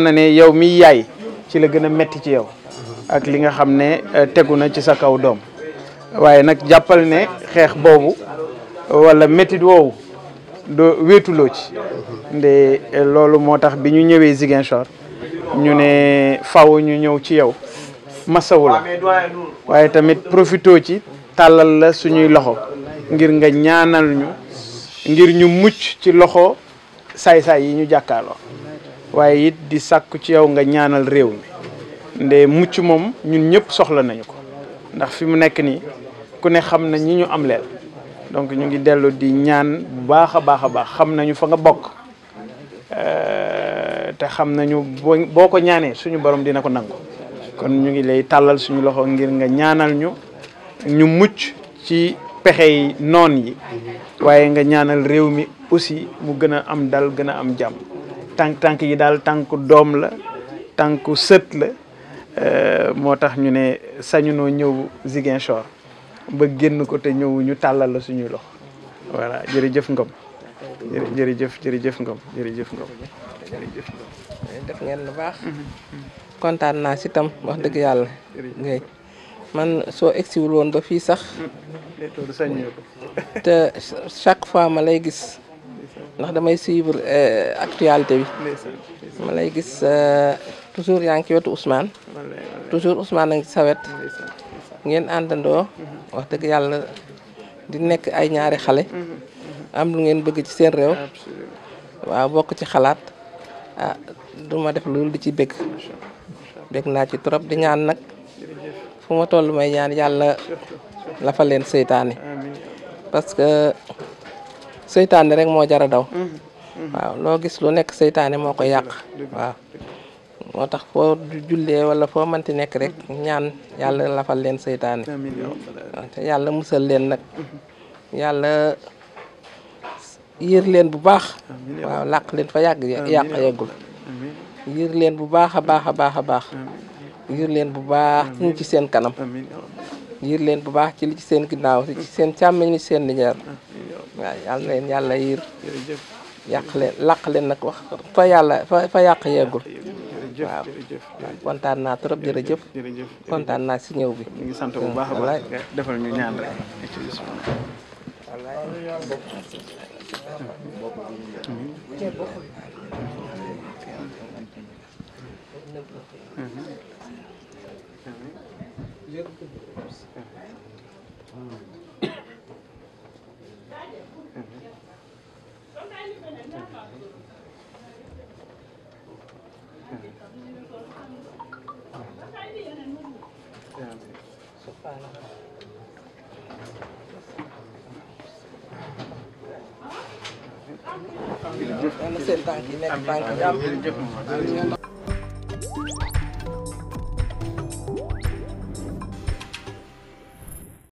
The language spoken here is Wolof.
na ne yow mi yaay ci la gën a metti ci yow ak li nga xam ne euh, tegu na ci sa kaw doom waaye nag jàppal ne xeex boobu wala méttit woowu du wéetuloo ci nde loolu moo tax bi ñu ñëwee Ziguinchor ñu ne faw ñu ñëw ci yow masawu la waaye tamit profito ci tàllal la suñuy loxo ngir nga ñaanal ñu ngir ñu mucc ci loxo saay-saay yi ñu jàkkaarloo waaye it di sàkku ci yow nga ñaanal réew mi nde mucc moom ñun ñëpp soxla nañu ko ndax fi mu nekk nii ku ne xam na ñi ñu am leel donc ñu ngi dellu di ñaan bu baax a baax a baax xam nañu fa nga bokk euh, te xam nañu boo ko ñaanee suñu borom dina ko nangu kon ñu ngi lay tàllal suñu loxo ngir nga ñaanal ñu ñu mucc ci pexey noon yi waaye nga ñaanal réew mi aussi mu gën a am dal gën a am jàmm tànk tànk yi daal tànku doom la tànku sët la euh, moo tax ñu ne sañu sañunoo ñëw Ziguinchor ba génn ko te ñëw ñu tàllal la suñuy loxo voilà jërëjëf Ngom jërëjëf jërëjëf Ngom jërëjëf Ngom jërëjëf kontaan naa si tam wax dëgg yàlla ngay man soo egsiwul woon ba fii sax te chaque fois ma lay gis ndax damay suivre eh, actualité bi ma lay gis eh, toujours yaa ngi ci wetu Ousmane toujours Ousmane a ngi sawet ngeen àndandoo mhm. wax dëgg yàlla di nekk ay ñaari xale mhm, mhm. am lu ngeen bëgg ci seen réew waaw bokk ci xalaat ah du ma def loolu di ci bëgg bëgg naa ci trop di ñaan nag fu ma toll may ñaan yàlla lafaleen seytaane parce que seytaane rek moo jara daw mhm. Mhm. loo gis lu nekk seytaane moo ko yàq waaw moo tax foo jullee wala foo manti nekk rek ñaan yàlla lafal leen seytaane te yàlla musal leen nag yàlla yiir leen bu baax waaw leen fa yàgg yàq yeggul yiir leen bu baax a baax a baax a baax yiir leen bu baax ñu ci seen kanam yiir leen bu baax ci li ci seen ginnaaw ci seen càmmeñ li ci seen nijaar ah, waaw yal na leen yiir yàq leen làq leen nag wax fa yàlla fa fa yàq yeggul naa trop jërëjëf kontaan naa si ñëw bi sant bu baax defal ñu ñaan jërëjëf seen tànk yi nekk tànk yi